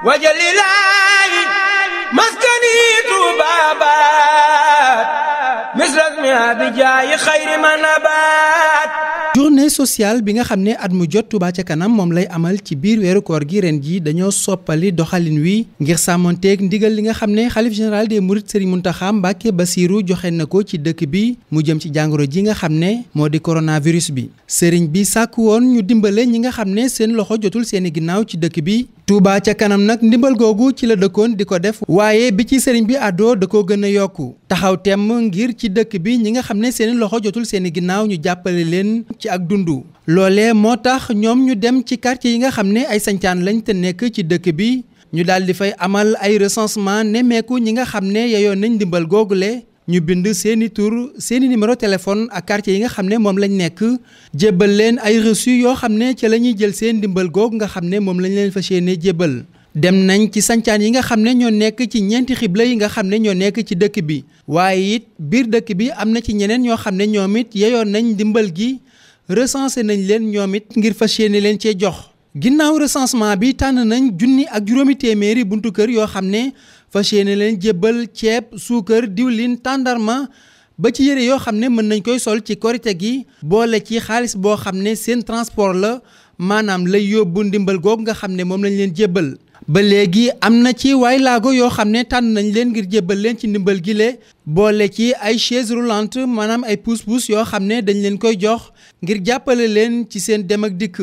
wajalilaayi maskani tuubaabaat journée sociale bi nga xam ne at mu jot Touba ca kanam moom lay amal ci biir weeru gi reen ji dañoo soppali doxalin wi ngir sàmmonteeg ndigal li nga xam ne xalif général des mourides Serigne Mountakha Mbacké Bassirou joxe na ko ci dëkk bi mu jëm ci jàngoro ji nga xam ne moo di coronavirus bi sëriñ bi sàkk woon ñu dimbale ñi nga xam ne seen loxo jotul seeni ginnaaw ci dëkk bi Touba ca kanam nag ndimbal googu ci la dëkkoon di ko def waaye bi ci sëriñ bi àddoo da koo gën a yokku taxaw temm ngir ci dëkk bi ñi nga xam ne seeni loxo jotul seeni ginnaaw ñu jàppale leen ci ak dundu loole moo tax ñoom ñu dem ci quartier yi nga xam ne ay sañcaan lañ te nekk ci dëkk bi ñu daal di fay amal ay recensement nemmeeku ñi nga xam ne yeyoon nañu ndimbal googule ñu bind seeni tur seeni numéro téléphone ak quartier yi nga xam ne moom lañ nekk jébbal leen ay reçu yoo xam ne ci la ñuy jël seen ndimbal googu nga xam ne moom lañ leen fas yéene jébbal dem nañ ci sancaan yi nga xam ne ñoo nekk ci ñeenti xibla yi nga xam ne ñoo nekk ci dëkk bi waaye it biir dëkk bi am na ci ñeneen ñoo xam ne ñoom it yeyoon nañ ndimbal gi recensé nañ leen ñoom it ngir fas yéene leen cee jox ginnaaw recensement bi tànn nañ junni ak juróomi buntu kër yoo xam ne fas yéene leen jébbal ceeb suukar diwlin tàndarma ba ci yére yoo xam ne mën nañ koy sol ci korite gi boole ci xaalis boo xam ne seen transport la maanaam lay yóbbu ndimbal googu nga xam ne moom lañ leen jébbal ba léegi am na ci waay laago yoo xam ne tànn nañ leen ngir jébbal leen ci ndimbal gile boole ci ay chaise roulante maanaam ay pousse-pousse yoo xam ne dañ leen koy jox ngir jàppale leen ci seen dem ak dikk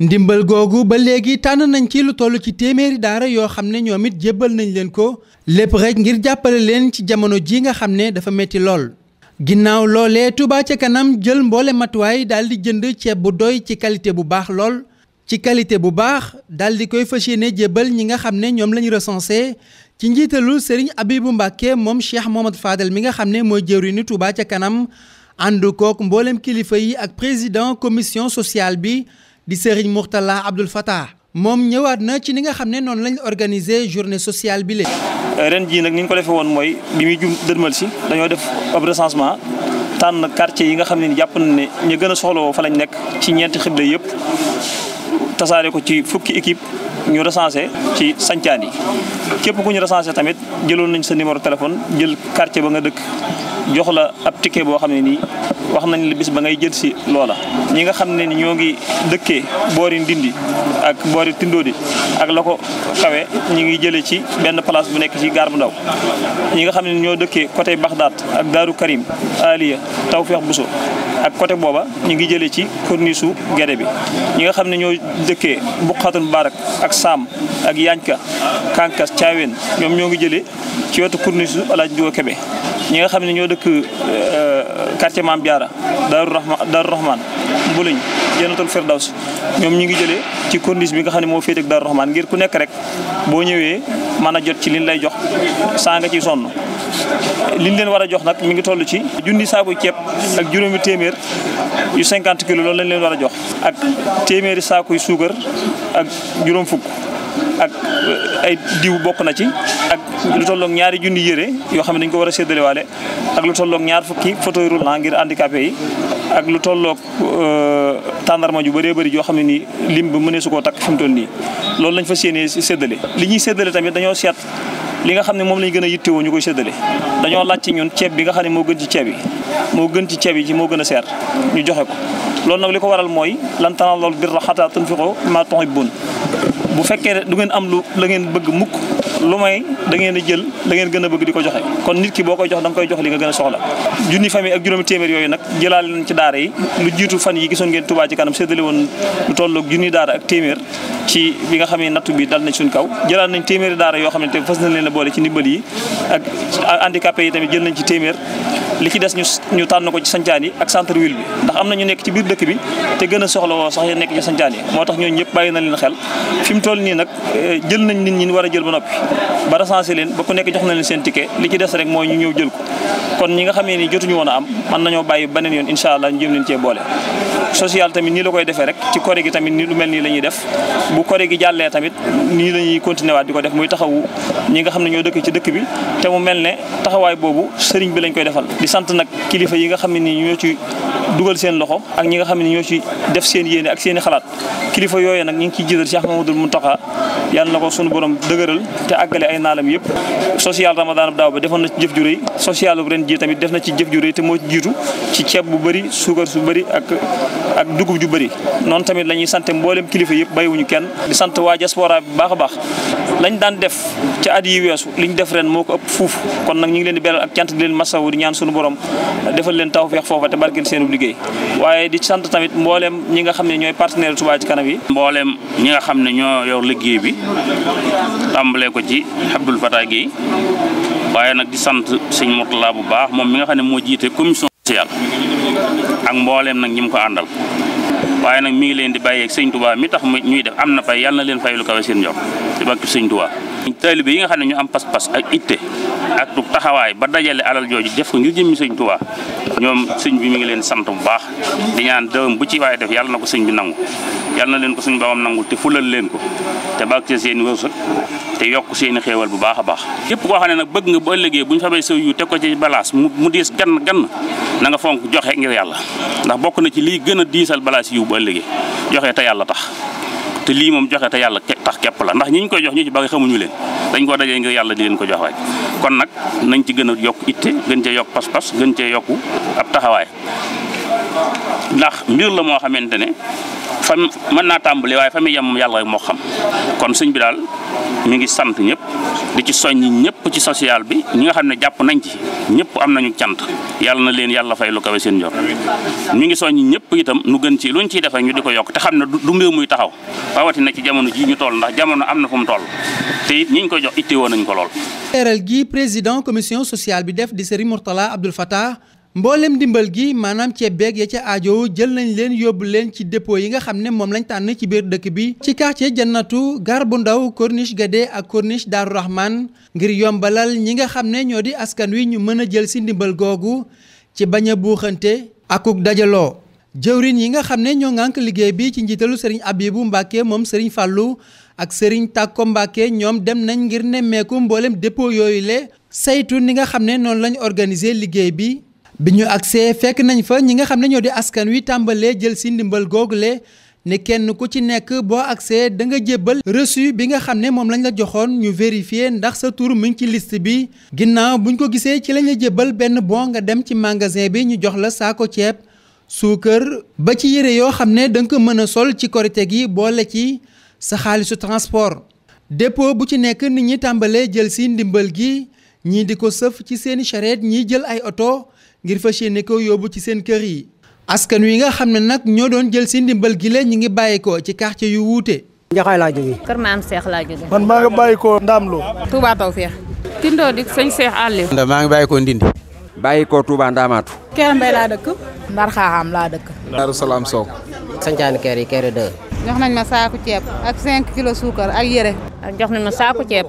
ndimbal googu ba léegi tànn nañ ci lu toll ci téeméeri daara yoo xam ne ñoom it jébbal nañ leen ko lépp rek ngir jàppale leen ci jamono ji nga xam ne dafa metti lool. ginnaaw loolee Touba ca kanam jël mboole matuwaay daal di jënd ceeb bu doy ci qualité bu baax lool ci qualité bu baax daal di koy fas ne jébbal ñi nga xam ne ñoom lañu recensé ci njiitalu Serigne Abibou Mbacke moom Cheikh Mohamed Fadel mi nga xam ne mooy jëwriñu Touba ca kanam ànd kook mboolem kilifa yi ak président commission sociale bi. di Serigne Mourtala Abdoul Fattah moom ñëwaat na ci ni nga xam ne noonu lañ organiser journée sociale bi lé euh, ren jii nag ni ñu ko defee woon mooy bi muy jum dërmal si dañoo def ab recensement tànn quartier yi nga xam ne ni jàpp na ne ñu gën a soxlawoo fa lañ nekk ci ñeenti xibla yëpp tasaare ko ci fukki équipe ñu recensé ci sancaan yi képp ku ñu recensé tamit jëloon nañ sa numéro téléphone jël quartier ba nga dëkk jox la ab ticket boo xam ne nii wax nañ la bis ba ngay jël si loola ñi nga xam ne ni ñoo ngi dëkkee boori Ndindi ak boori Tindóodi ak la ko xawee ñi ngi jëlee ci benn place bu nekk ci gaar bu ndaw ñi nga xam ne ñoo dëkkee côté Baxdaat ak Daaru Karim Aliya Tawfeex Buso ak côté booba ñu ngi jëlee ci corniche su Guédé bi ñi nga xam ne ñoo dëkkee Buqatun Barak ak Saam ak Yanka Kankas Caaween ñoom ñoo ngi jëlee ci wetu corniche El Hadj Ndiouga ñi nga xam ne ñoo dëkk euh, quartier Mame Diarra Daaru Rahma Daaru Rahman Mbuluñ Jannatul Firdaws ñoom ñi ngi jëlee ci corniche bi nga xam ne moo féete ak Daaru Rahman ngir ku nekk rek boo ñëwee mën a jot ci liin lay jox saa nga ciy sonn liñ leen war a jox nag mi ngi toll ci junni saaku ceeb ak juróomi téeméer yu 50 kilos loolu lañ leen war a jox ak téeméeri saakuy suukar ak juróom fukk ak ay diw bokk na ci ak lu tolloog ñaari junni yére yoo xam ne dañ ko war a waale ak lu tolloog ñaar fukki fauteuil roulant ngir handicapé yi ak lu tolloog euh, tàndarma ju bëree bëri yoo xam ne nii lim bi mënee su koo takk fi mu nii loolu lañ fa séenee séddale li ñuy séddale tamit dañoo seet li nga xam ne moom lañ gën a yittewoo ñu koy séddale dañoo laaj ci ceeb bi nga xam ne moo gën ci ceeb yi gën ci ceeb yi ci moo gën a seer ñu joxe ko loolu nag li ko waral mooy lan tanaalul birra hattaa ma mimmaa tuhibbuun bu fekkee du ngeen am lu la ngeen bëgg mukk lu may da ngeen a jël la ngeen gën a bëgg di ko joxe kon nit ki boo koy jox da nga koy jox li nga gën a soxla junni famille ak juróomi téeméer yooyu nag jëlaale nañ ci daara yi lu jiitu fan yi gisoon ngeen Touba ci kanam séddale woon lu tolloog junni daara ak téeméer ci bi nga xamee nattu bi dal nañ suñ kaw jëlaat nañ téeméer daara yoo xam ne te fas nañ leen a boole ci ndimbal yi ak handicapé yi tamit jël nañ ci téeméer li ci des ñu ñu tànn ko ci sancaan yi ak centre ville bi am na ñu nekk ci biir dëkk bi te gën a soxla woo sax yi nekk ci sancaan yi moo tax ñooñu ñëpp bàyyi na leen xel fi mu toll nii nag eh, jël nañ nit ñi war a jël ba noppi ba recensé leen ba ku nekk jox na leen seen ticket li ci des rek mooy ñu ñëw jël ko kon ñi nga xamee ni jotuñu woon a am mën nañoo bàyyi beneen yoon incha allah ñu jëm leen cee boole social tamit nii la koy defee rek ci koré gi tamit ni lu mel nii la def bu koré gi jàllee tamit nii la ñuy continuer waat di ko def muy taxawu ñi nga xam ne ñoo dëkk ci dëkk bi te mu mel ne taxawaay boobu sëriñ bi lañ koy defal di sant nag kilifa yi nga xam ne nii ñoo ci dugal seen loxo ak ñi nga xam ne ñoo ci def seen yéene ak seen xalaat kilifa yooyu nag ñu ngi ciy jiital Cheikh mu Mountakha yàlla na ko sunu borom dëgëral te àggale ay naalam yëpp social ramadan ab daaw ba defoon na ci jëf ju rëy social bu ren tamit def na ci jëf ju rëy te moo ci jiitu ci ceeb bu bëri suukar su bëri ak dugub ju bëri noonu tamit la ñuy sant mboolem kilifa yëpp bàyyiwuñu kenn di sant waaja diaspora bi baax a baax lañ daan def ca at yi weesu liñ def reen moo ko ëpp fuuf kon nag ñu ngi leen di beral ak cant di leen masawu di ñaan suñu borom defal leen tawfeex foofa te barkeel seen liggéey waaye di sant tamit mboolem ñi nga xam ne ñooy partenaire Touba ci kanam yi mboolem ñi nga xam ne ñoo yor liggéey bi tàmbalee ko ci Abdoul Fatah Guèye waaye nag di sant sëñ Mourtala bu baax moom mi nga xam ne moo jiite commission social ak mbooleem nag ñi mu ko àndal waaye nag mi ngi leen di bàyyeeg sëñ Touba mi tax ñuy def am na fay yàlla na leen fay lu kawe seen njort ci bakki sëñ Touba taalibe yi nga xam ne ñu am pas-pas ak itte ak du taxawaay ba dajale alal jooju def ko ngir jëmmi sëñ Tuubaa ñoom sëñ bi mu ngi leen sant bu baax di ñaan dërëm bu ci waaye def yàlla na ko sëñ bi nangu yàlla na leen ko suñu borom te fulal leen ko te bàq ci te yokk seen i bu baax a baax képp koo xam ne nag bëgg nga bu ëllëgee bu ñu fabee sëw yu teg ko ci balaas mu diis gann gann na nga fonk joxe ngir yàlla ndax bokk na ci lii gën a diisal balaas yiw ba ëllëgee joxe te yàlla tax te lii moom joxe te yàlla tax képp la ndax ñi ñu koy jox ñu ci bëgg xamuñu leen dañ koo dajee ngir yàlla di leen ko jox rek kon nag nañ ci gën a yokk itte gën cee yokk pas-pas gën cee yokk ab taxawaay ndax mbir la moo xamante ne fam mën naa tàmbali waaye fa muy yem yàlla rek moo xam kon sëñ bi daal ñu ngi sant ñëpp di ci soññ ñëpp ci social bi ñi nga xam ne jàpp nañ ci ñëpp am nañu cant yàlla na leen yàlla fay lu kawe seen njor ñu ngi soññ ñëpp itam nu gën ci luñ ciy defee ñu di ko yokk te xam ne du mbir muy taxaw rawatina ci jamono ji ñu toll ndax jamono am na fu mu toll te it ñiñ ko jox ittewoo nañ ko lool. leeral gi président commission sociale bi def di Serigne Mourtala Abdoul Fattah mboolem ndimbal gi maanaam ceeb beeg ya ca ajo jël nañ leen yóbbu leen ci dépôt yi nga xam ne moom lañ tànn ci biir dëkk bi ci quartier jannatu gar bu ndaw corniche Gade ak corniche Daaru Rahman ngir yombalal ñi nga xam ne ñoo di askan wi ñu mën a jël si ndimbal googu ci bañ a buuxante akuk dajaloo jëwrin yi nga xam ne ñoo ngànk liggéey bi ci njiitalu sëriñ Abibu Mbàkke moom sëriñ Fàllu ak sëriñ Tàkko Mbàkke ñoom dem nañ ngir nemmeeku mboolem dépôt yooyu le saytu ni nga xam ne noonu lañ organiser liggéey bi bi ñu agsee fekk nañ fa ñi nga xam ne ñoo di askan wi tàmbalee jël si ndimbal googule ne kenn ku ci nekk boo agsee da nga jébbal reçu bi nga xam ne moom lañ la joxoon ñu vérifier ndax sa tur mu ngi ci list bi ginnaaw buñ ko gisee ci lañuy la jébbal benn bon nga dem ci magasin bi ñu jox la saako ceeb suukar ba ci yére yoo xam ne da nga ko mën a sol ci korite gi boole ci sa xaalisu transport dépôt bu ci nekk nit ñi tàmbalee jël si ndimbal gi ñii di ko sëf ci seeni charrette ñiy jël ay oto ngir fas yéene ko yóbbu ci seen kër yi. askan wi nga xam ne nag ñoo doon jël si ndimbal gi leen ñi ngi bàyyi ko ci quartier yu wuute. Njaxaay laa jógee. Kër Maam Seex laa jógee. man maa ngi bàyyi ko Ndaam Lo. Touba Tawfeex. Tindoo di maa ngi bàyyi ko Ndindi. bàyyi ko Touba Ndaamaatu. Kër Mbay laa dëkk. Ndar Xaaxaam laa dëkk. Daaru Salaam Sow. sañcaani kër yi kër deux. jox nañ ma saaku ceeb ak 5 kilos suukar ak yére. ak jox nañ ma saaku ceeb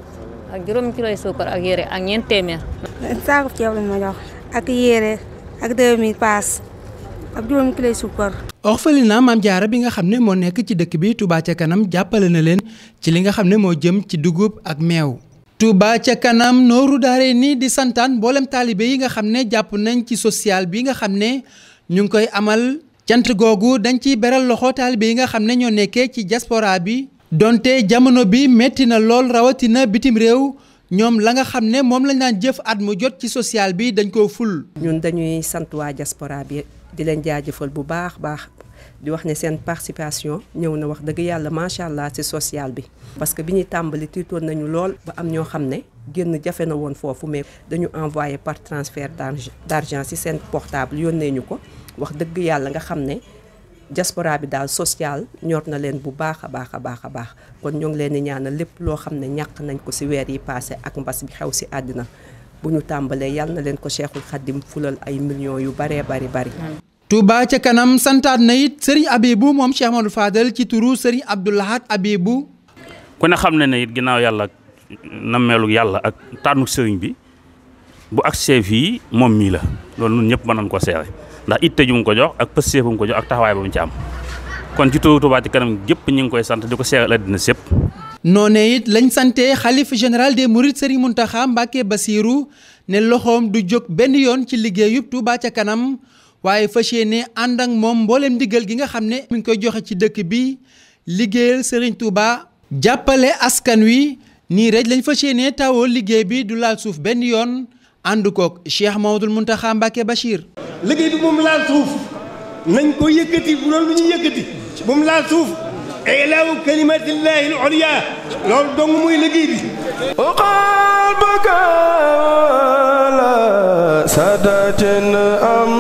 ak juróomi kilos suukar ak ak ñeent téeméer. saaku ceeb lañ ma jox. ak yére ak 2000 paas ak juróomi kilo suukar. orphelinat Maam Jaara bi nga xam ne moo nekk ci dëkk bi Touba ca kanam jàppale na leen ci li nga xam ne moo jëm ci dugub ak meew. Touba ca kanam nooru daare nii di santaan mboolem taalibe yi nga xam ne jàpp nañ ci social bi nga xam ne ñu ngi koy amal cant googu dañ ciy beral loxo taalibe yi nga xam ne ñoo nekkee ci diaspora bi donte jamono bi metti na lool rawatina bitim réew. ñoom la nga xam ne moom lañ daan jëf at mu jot ci social bi dañ koo ful. ñun dañuy sant waa diaspora bi di leen jaajëfal bu baax baax di wax ne seen participation ñëw na wax dëgg yàlla macha allah ci social bi. parce que bi ñuy tàmbali tiitoon nañu lool ba am ñoo xam ne génn jafe na woon foofu mais dañu envoyé par transfert d'argent ci seen portable yónnee ñu ko wax dëgg yàlla nga xam ne. diaspora bi daal social ñor na leen bu baax a baax a baax a baax kon ñoo ngi leen di ñaanal lépp loo xam ne ñàkk nañ ko ci weer yi passé ak mbas bi xew ci àddina bu ñu tàmbalee yal na leen ko Cheikhul Khadim fulal ay millions yu baree bari bari. Touba ca kanam santaat na it Serigne Abibou moom Cheikh Amadou ci turu Serigne Abdou Lahad Abibou. ku ne xam na ne it ginnaaw yàlla nammeelu yàlla ak tànnu sëriñ bi bu àgg fii moom mii la loolu ñun ñëpp mën nañ ko seere ndax it ju ko jox ak pëstéef bu mu ko jox ak taxawaay bu mu ci am kon ci Touba ci kanam gépp ñu ngi koy sant di ko seegal àddina sépp noonee it lañ sante xalifa général des mourides Serigne Mountakha Mbacké Bassirou ne loxoom du jóg benn yoon ci liggéey liggéeyub Touba ca kanam waaye fas yéene ànd ak moom mbooleem ndigal gi nga xam ne mi ngi koy joxe ci dëkk bi liggéeyal Serigne Touba jàppale askan wi nii rek lañ fas ne tawoo liggéey bi du laal suuf benn yoon ànd koog Cheikh Mamadou Mountakha Mbacké Bachir liggéey bi moom laal suuf nañ ko yëkkati bu loolu lu ñuy yëkkati moom laal suuf ilaawu kalimatillahi al-ulya loolu dong muy liggéey bi qalbaka la sadatin